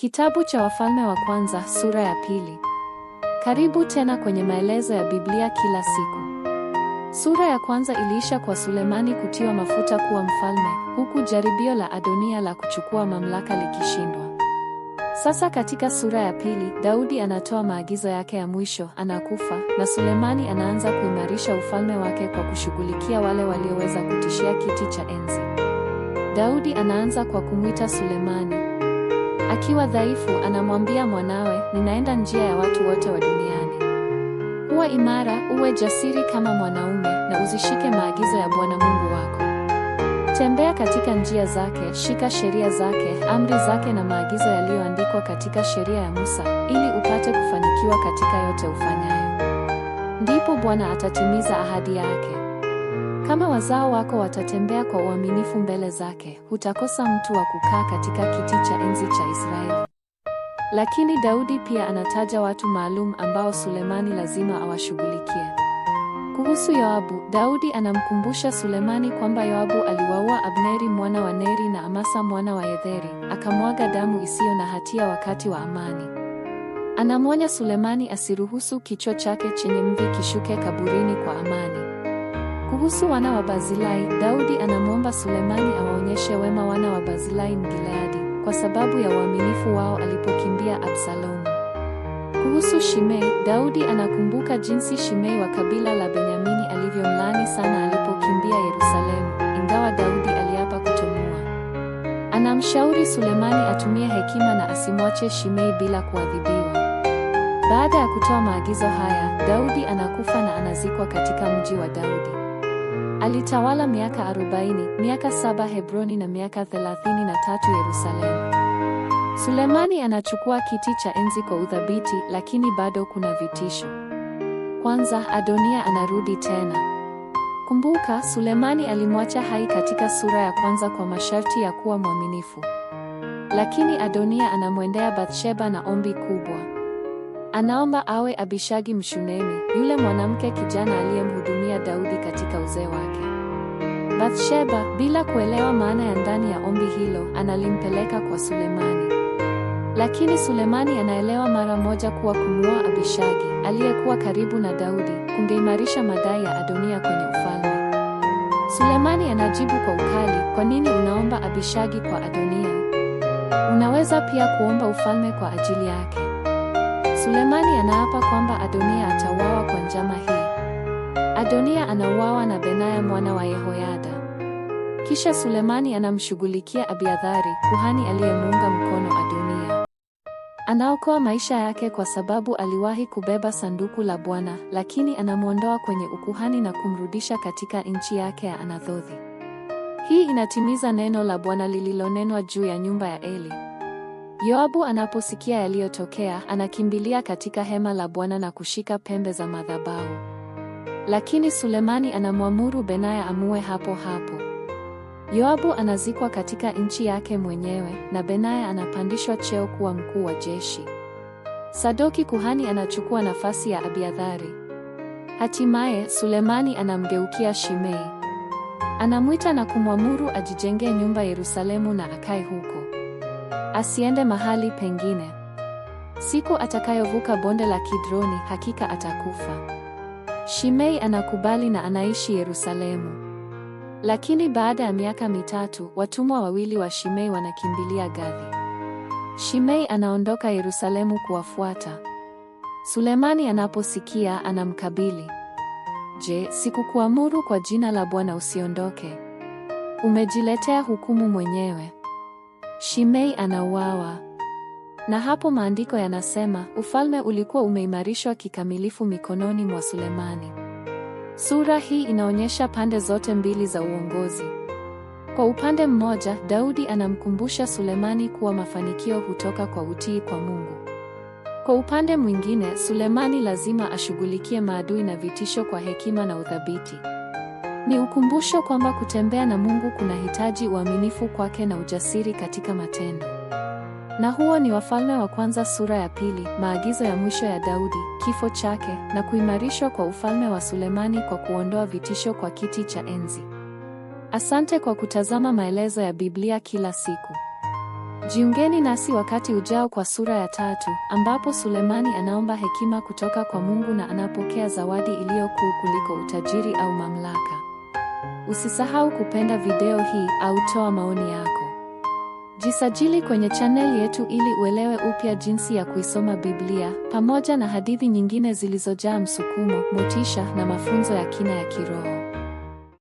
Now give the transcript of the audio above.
Kitabu cha Wafalme wa Kwanza sura ya pili. Karibu tena kwenye maelezo ya Biblia kila siku. Sura ya kwanza iliisha kwa Sulemani kutiwa mafuta kuwa mfalme, huku jaribio la Adonia la kuchukua mamlaka likishindwa. Sasa katika sura ya pili, Daudi anatoa maagizo yake ya mwisho, anakufa, na Sulemani anaanza kuimarisha ufalme wake kwa kushughulikia wale walioweza kutishia kiti cha enzi. Daudi anaanza kwa kumwita Sulemani Akiwa dhaifu, anamwambia mwanawe, ninaenda njia ya watu wote wa duniani. huwa imara, uwe jasiri kama mwanaume, na uzishike maagizo ya Bwana Mungu wako. Tembea katika njia zake, shika sheria zake, amri zake na maagizo yaliyoandikwa katika sheria ya Musa, ili upate kufanikiwa katika yote ufanyayo. Ndipo Bwana atatimiza ahadi yake. Kama wazao wako watatembea kwa uaminifu mbele zake, hutakosa mtu wa kukaa katika kiti cha enzi cha Israeli. Lakini Daudi pia anataja watu maalum ambao Sulemani lazima awashughulikie. Kuhusu Yoabu, Daudi anamkumbusha Sulemani kwamba Yoabu aliwaua Abneri mwana wa Neri na Amasa mwana wa Yetheri, akamwaga damu isiyo na hatia wakati wa amani. Anamwonya Sulemani asiruhusu kichwa chake chenye mvi kishuke kaburini kwa amani. Kuhusu wana wa bazilai Daudi anamwomba Sulemani awaonyeshe wema wana wa bazilai Mgileadi kwa sababu ya uaminifu wao alipokimbia Absalomu. Kuhusu Shimei, Daudi anakumbuka jinsi Shimei wa kabila la Benyamini alivyomlani sana alipokimbia Yerusalemu, ingawa Daudi aliapa kutomua. Anamshauri Sulemani atumie hekima na asimwache Shimei bila kuadhibiwa. Baada ya kutoa maagizo haya, Daudi anakufa na anazikwa katika mji wa Daudi. Alitawala miaka 40, miaka saba Hebroni na miaka 33 Yerusalemu. Sulemani anachukua kiti cha enzi kwa uthabiti, lakini bado kuna vitisho. Kwanza, Adonia anarudi tena. Kumbuka, Sulemani alimwacha hai katika sura ya kwanza kwa masharti ya kuwa mwaminifu. Lakini Adonia anamwendea Bathsheba na ombi kubwa. Anaomba awe Abishagi Mshunemi, yule mwanamke kijana aliyemhu Daudi katika uzee wake. Bathsheba, bila kuelewa maana ya ndani ya ombi hilo, analimpeleka kwa Sulemani. Lakini Sulemani anaelewa mara moja kuwa kumwoa Abishagi, aliyekuwa karibu na Daudi, kungeimarisha madai ya Adonia kwenye ufalme. Sulemani anajibu kwa ukali, kwa nini unaomba Abishagi kwa Adonia? Unaweza pia kuomba ufalme kwa ajili yake. Sulemani anaapa kwamba Adonia atauawa kwa njama hii. Adonia anauawa na Benaya mwana wa Yehoyada. Kisha Sulemani anamshughulikia abiadhari kuhani aliyemuunga mkono Adonia. Anaokoa maisha yake kwa sababu aliwahi kubeba sanduku la Bwana, lakini anamwondoa kwenye ukuhani na kumrudisha katika nchi yake ya Anathothi. Hii inatimiza neno la Bwana lililonenwa juu ya nyumba ya Eli. Yoabu anaposikia yaliyotokea, anakimbilia katika hema la Bwana na kushika pembe za madhabahu. Lakini Sulemani anamwamuru Benaya amue hapo hapo. Yoabu anazikwa katika nchi yake mwenyewe na Benaya anapandishwa cheo kuwa mkuu wa jeshi. Sadoki kuhani anachukua nafasi ya abiadhari Hatimaye Sulemani anamgeukia Shimei. Anamwita na kumwamuru ajijengee nyumba Yerusalemu na akae huko. Asiende mahali pengine. Siku atakayovuka bonde la Kidroni hakika atakufa. Shimei anakubali na anaishi Yerusalemu. Lakini baada ya miaka mitatu, watumwa wawili wa Shimei wanakimbilia Gathi. Shimei anaondoka Yerusalemu kuwafuata. Sulemani anaposikia anamkabili. Je, sikukuamuru kwa jina la Bwana usiondoke? Umejiletea hukumu mwenyewe. Shimei anauawa. Na hapo maandiko yanasema ufalme ulikuwa umeimarishwa kikamilifu mikononi mwa Sulemani. Sura hii inaonyesha pande zote mbili za uongozi. Kwa upande mmoja, Daudi anamkumbusha Sulemani kuwa mafanikio hutoka kwa utii kwa Mungu. Kwa upande mwingine, Sulemani lazima ashughulikie maadui na vitisho kwa hekima na uthabiti. Ni ukumbusho kwamba kutembea na Mungu kunahitaji uaminifu kwake na ujasiri katika matendo. Na huo ni Wafalme wa Kwanza sura ya pili, maagizo ya mwisho ya Daudi, kifo chake na kuimarishwa kwa ufalme wa Sulemani kwa kuondoa vitisho kwa kiti cha enzi. Asante kwa kutazama maelezo ya Biblia kila siku. Jiungeni nasi wakati ujao kwa sura ya tatu ambapo Sulemani anaomba hekima kutoka kwa Mungu na anapokea zawadi iliyo kuu kuliko utajiri au mamlaka. Usisahau kupenda video hii au toa maoni yako. Jisajili kwenye channel yetu ili uelewe upya jinsi ya kuisoma Biblia pamoja na hadithi nyingine zilizojaa msukumo, motisha na mafunzo ya kina ya kiroho.